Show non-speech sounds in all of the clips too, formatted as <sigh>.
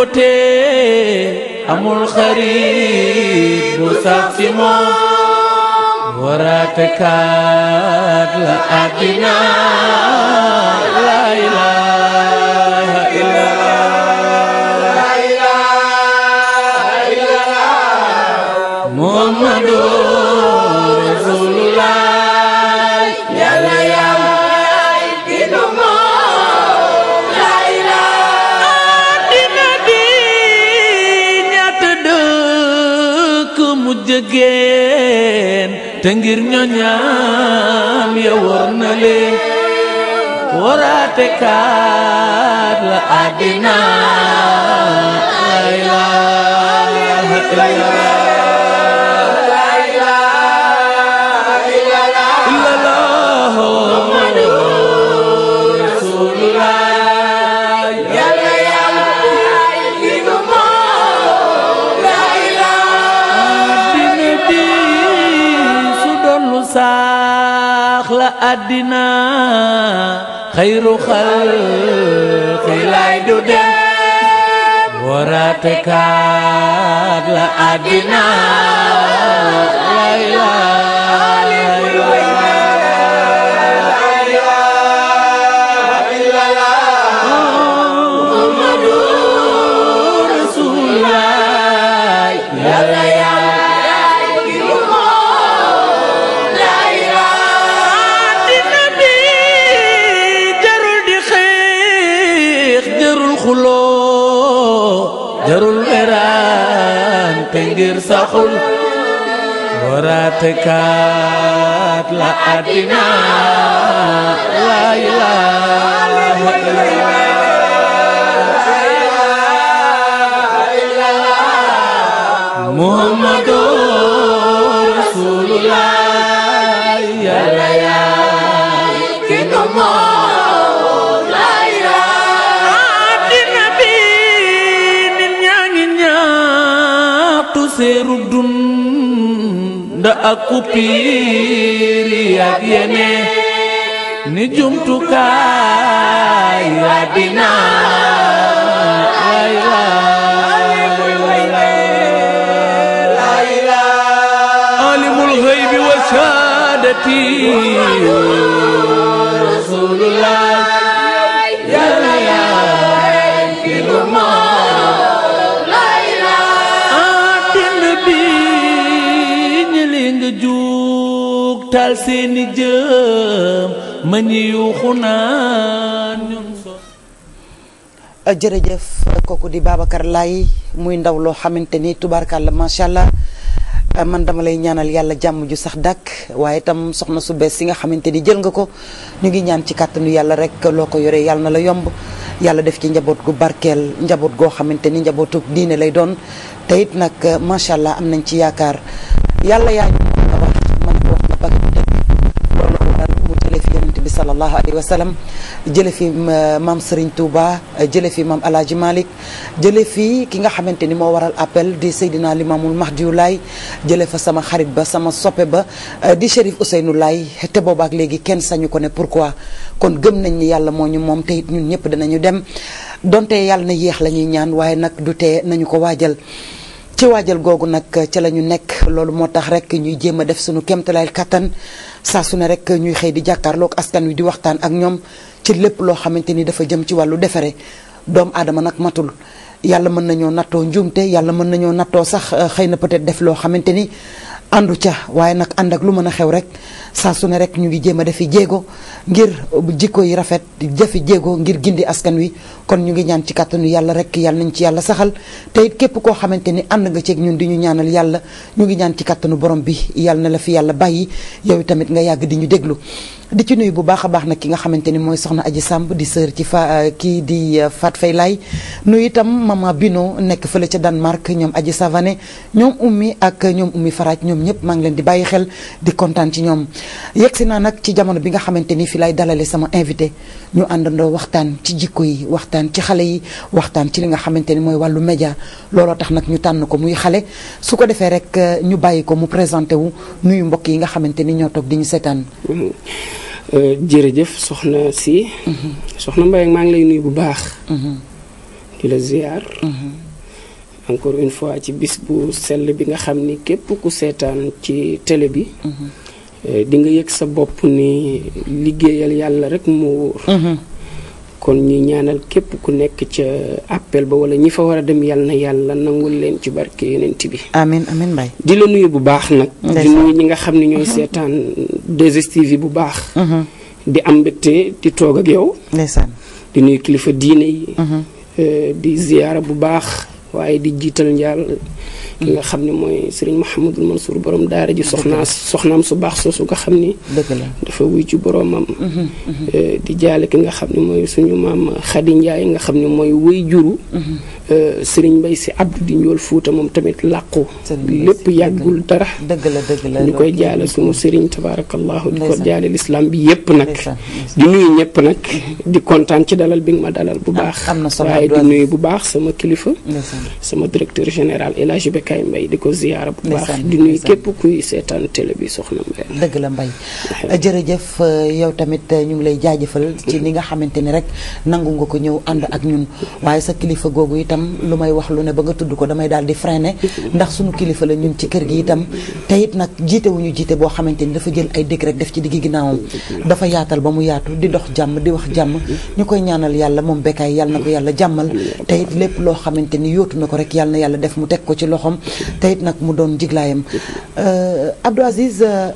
ko tee amul xarit bu sax ci moom waraate kaat la àddina lay la jegeen te ngir ñoñaam ya war na leen waraate kaat la àddina ay laa àddina xayru xalqi lay du dem waraate kaat la àddina lay lay Yeah, yeah, yeah. ngir saxul waraatekaat la àddina la ilaha illallah Muhammadu Rasulullah ya a ak kupiir yaag yeneen ni jumtukaay waa dina taal seeni jëm ma ñi yuuxu naan ñun euh, jërëjëf kooku di Babacar lay muy ndaw loo xamante ni la macha allah euh, man dama lay ñaanal yàlla jàmm ju sax dàkk waaye itam soxna su bees si nga xamante ni jël nga ko ñu ngi ñaan ci kàttanu yàlla rek loo ko yore yàlla na la yomb yàlla def ci njaboot gu barkeel njaboot goo xamante ni njabootu diine lay doon te it nag macha allah am nañ ci yaakaar yàlla yaa sallallahu alayhi wa sallam jële fi euh, maam Serigne Touba euh, jële fi maam Alaaji Malick jële fi ki nga xamante ni moo waral appel di Seydina Limaamul Mahdiyu Laay jële fa sama xarit ba sama soppe ba euh, di Chérif Ousseynou Laay te boobaak léegi kenn sañu ko ne pourquoi kon gëm nañ ni yàlla moo ñu moom te ñun ñëpp danañu dem donte yàlla na yéex la ñuy ñaan waaye nag du tee nañu ko waajal ci waajal googu nag ca la ñu nekk loolu moo tax rek ñuy jéem a def sunu kéemtalaay kattan saa sune ne rek ñuy xëy di jàkkaarloog askan wi di waxtaan ak ñoom ci lépp loo xamante ni dafa jëm ci wàllu defare doom aadama nag matul yàlla mën nañoo nattoo njuumte yàlla mën nañoo nattoo sax xëy na peut-être def loo xamante ni àndu ca waaye nag ànd ak lu mën a xew rek saa su ne rek ñu ngi jéem a defi jéego ngir jikko yi rafet jafi jéego ngir gindi askan wi kon ñu ngi ñaan ci kàttanu yàlla rek yàlla nañ ci yàlla saxal tey képp koo xamante ni ànd nga ceeg ñun di ñu ñaanal yàlla ñu ngi ñaan ci kàttanu borom bi yàlla na la fi yàlla bàyyi yow tamit nga yàgg di ñu déglu di ci nuyu bu baax a baax nag ki nga xamante ni mooy soxna Aji Samb di sœur ci fa euh, kii di euh, Fat Fay lay nuyu itam ma mama Bino nekk fële ca Danemark ñoom Aji Savané ñoom ummi ak euh, ñoom ummi Faraaj ñoom ñëpp maa ngi leen di bàyyi xel di kontaan ci ñoom si naa nag ci jamono bi nga xamante ni fi lay dalale sama invité ñu àndandoo waxtaan ci jikko yi waxtaan ci xale yi waxtaan ci li nga xamante ni mooy wàllu média looloo tax nag ñu tànn ko muy xale su ko defee rek ñu bàyyi ko mu présenté wu nuyu mbokk yi nga xamante ni ñoo di ñu seetaan Euh, jërëjëf soxna si. Mhm. soxna Mbaye maa ngi lay nuyu bu baax. Mhm. di la ziar. Mhm. encore une fois ci bis bu sell bi nga xam ni képp ku seetaan ci télé bi. Euh, di nga yëg sa bopp ni liggéeyal yàlla rek moo wóor. kon ñi ñaanal képp ku nekk ca appel ba wala ñi fa war a dem yàlla na yàlla nangul leen ci barke yonent bi. amiin amiin Mbaye. di la nuyu bu baax nag. di nuyu ñi nga xam ne ñooy mhm. seetaan 2STV bu baax. Mhm. di am mbégte di toog ak yow. di nuyu kilifa diine yi. Mhm. Euh, di ziyaara bu baax waaye di jiital njaal. ki nga xam ne mooy sëriñ Mouhamadul Mansour borom daara ji soxnaa soxnaam su baax soosu nga xam ni dafa wuy ci boromam mhm, mhm. eh, di jaale ki nga xam ne mooy suñu maam Khady Ndiaye nga xam ni mooy wéy juru mhm. Euh, Serigne Mbaye si Abdou di Njool Fuuta moom tamit làqu lépp yàggul dara dëgg la dëgg la ñu koy jaale suma Serigne tabarakallahu di ko jaale l'islam bi yépp nag di nuyu ñëpp nag di kontaan ci dalal bi nga ma dalal bu ah, baax waaye di nuyu bu baax sama kilifa sama directeur général El Hadj Bekay di ko ziyaara bu baax di nuyu képp kuy seetaan télé bi soxna Mbaye dëgg la Mbaye jërëjëf euh, yow tamit euh, ñu ngi lay jaajëfal ci ni nga xamante ni rek nangu nga ko ñëw ànd ak ñun waaye sa kilifa googu itam itam lu may wax lu ne ba nga tudd ko damay daal di ne ndax suñu kilifa la ñun ci kër gi itam teyit nag jiite ñu jiite boo xamante ni dafa jël ay décret def ci digg ginnaawam dafa yaatal ba mu yaatu di dox jàmm di wax jàmm ñu koy ñaanal yàlla moom bekkaay yàlla na ko yàlla jàmmal te lépp loo xamante ni yóotu na ko rek yàlla yàlla def mu teg ko ci loxoom te nag mu doon jiglaayam euh, Abdou Aziz euh,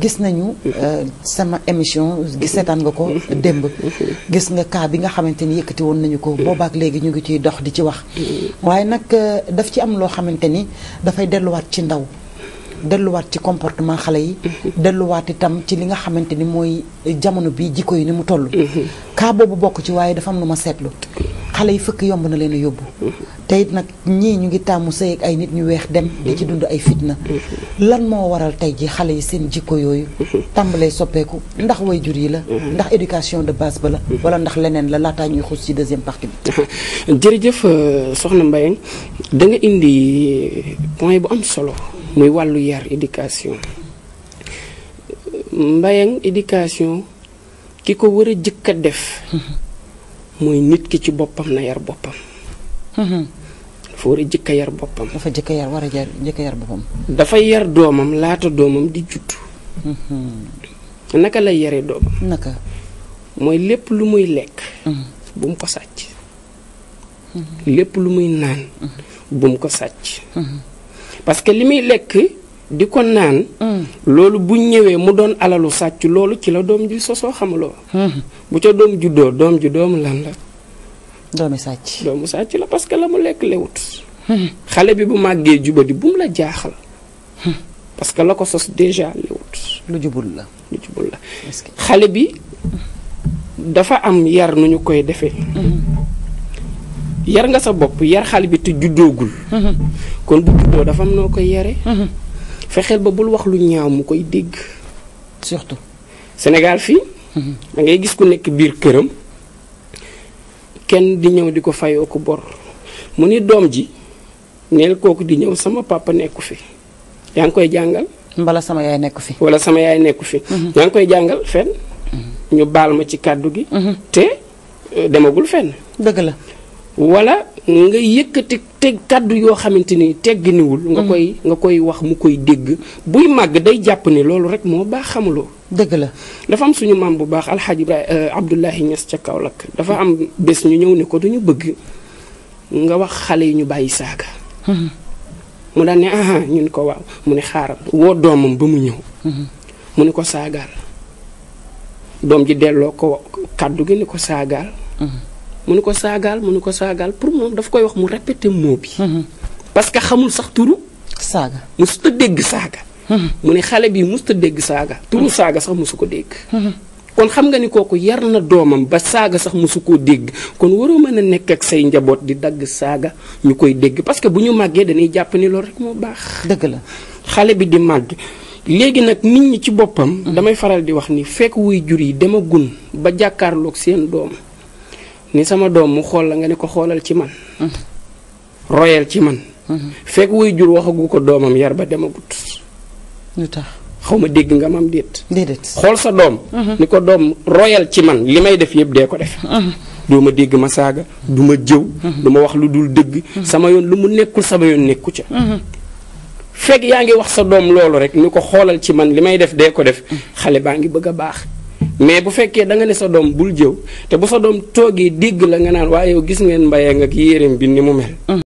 gis nañu euh, sama émission gis seetaan nga ko démb gis nga bi nga xamante ni yëkkati woon nañu ko waaye nag euh, daf ci am loo xamante ni dafay delluwaat ci ndaw delluwaat ci comportement xale yi delluwaat itam ci li nga xamante ni mooy jamono bi jikko yi ni mu toll kaa mm-hmm. bu bokk ci waaye dafa am lu ma seetlu xale yi fëkk yomb na leen a yóbbu te it nag ñii ñu ngi tàmmu say ak ay nit ñu weex dem di ci dund ay fitna lan moo waral tey ji xale yi seen jikko yooyu tàmbalee soppeeku ndax wayjur yi la ndax éducation de base ba la wala ndax leneen la laataa ñuy xuus ci deuxième partie bi <laughs> jërëjëf euh, soxna Mbayang danga indi point bu am solo muy wàllu yar éducation mbayaŋ éducation ki ko war a jëkk a def <laughs> mooy nit ki ci boppam na yar boppam. Mm-hmm. dafa war a jëkk yar boppam. dafa jëkk yar war a jëkk yar boppam. dafay yar doomam laata doomam di judd. Mm-hmm. naka lay yare doomam. naka mooy lépp lu muy lekk. Mm-hmm. bu mu ko sàcc. lépp lu muy naan. bu mu ko sàcc. parce li muy lekk. di ko naan. Mm. loolu bu ñëwee mu doon alalu sàcc loolu ci la doom ji sosoo xamuloo. Mm. bu ca doom juddoo doom ji doomu lan la. doomu sàcc. doomu la parce que la mu lekk lewut. Mm. xale bi bu màggee jubadi bu mu la jaaxal. parce que la ko sos déjà lewut. lu jubul xale bi dafa am yar nu ñu koy defee. Mm-hmm. yar nga sa bopp yar xale bi te juddoogul. Mm-hmm. kon bu juddoo dafa am noo koy yare mm-hmm. fexeel ba bul wax lu ñaaw mu koy dégg. surtout. Sénégal fii. Mhm. da ngay gis ku nekk biir këram kenn di ñëw di ko fayoo ko bor mu ni doom ji neel kooku di ñëw sama papa nekku fi yaa ngi koy jàngal. mbala sama yaay nekku fi. wala sama yaay nekku fi. Mhm. yaa ngi koy jàngal fenn. Mhm. ñu baal ma ci kàddu gi. te euh, demagul fenn. dëgg la wala. nga yëkkati te kàddu yoo xamante ni tegginiwul. nga mm. koy nga koy wax mu koy dégg buy màgg day jàpp ni loolu rek moo baax xamuloo. dëgg la dafa am suñu maam bu baax alxaaji Ibrahima euh, Abdoulahi Niass ca Kaolack dafa am bés ñu ñëw ne ko duñu bëgg nga wax xale yi ñu bàyyi saaga. Mm-hmm. mu daan ne ah ñun ko waaw mu ne xaaral woo doomam ba mu ñëw. Mm-hmm. mu ne ko saagaal doom ji delloo ko kàddu gi ne ko saagaal. Mm-hmm. mënu ko saagaal mënu ko saagaal pour moom daf koy wax mu répété mot bi. Mhm. parce que xamul sax turu. saaga mosut a dégg saaga. Mhm. mu ne xale bi mosut a dégg saaga. turu mhm. saaga sax mosu ko dégg. kon xam nga ne kooku yar na doomam ba saaga sax mosu koo dégg kon waroo mën a nekk ak say njaboot di dagg saaga ñu koy dégg parce que bu ñu màggee dañuy jàpp ni loolu rek moo baax. dëgg la xale bi di màgg. léegi nag nit ñi ci boppam. damay faral di wax ni fekk wuy jur yi demagun ba jàkkaarloog seen doom. ni sama doom mu xool la nga ne ko xoolal ci man royal ci man fekk wuy jur waxagu ko doomam yar ba demagut lu tax xaw ma dégg nga mam déet déedéet xool sa doom mhm. ni ko doom royal ci man li may def yëpp dee ko def mhm. doo ma dégg ma saaga du ma jëw mhm. du ma wax lu dul dëgg sama yoon lu mu nekkul sama yoon nekku ca fekk yaa ngi wax sa doom loolu rek ni ko xoolal ci man li may def dee ko def xale baa ngi bëgg a baax mais bu fekkee danga ne sa doom bul jëw te bu sa doom toogee dégg la nga naan waaye gis ngeen mbayee nga ak yéreem bi ni mu mel.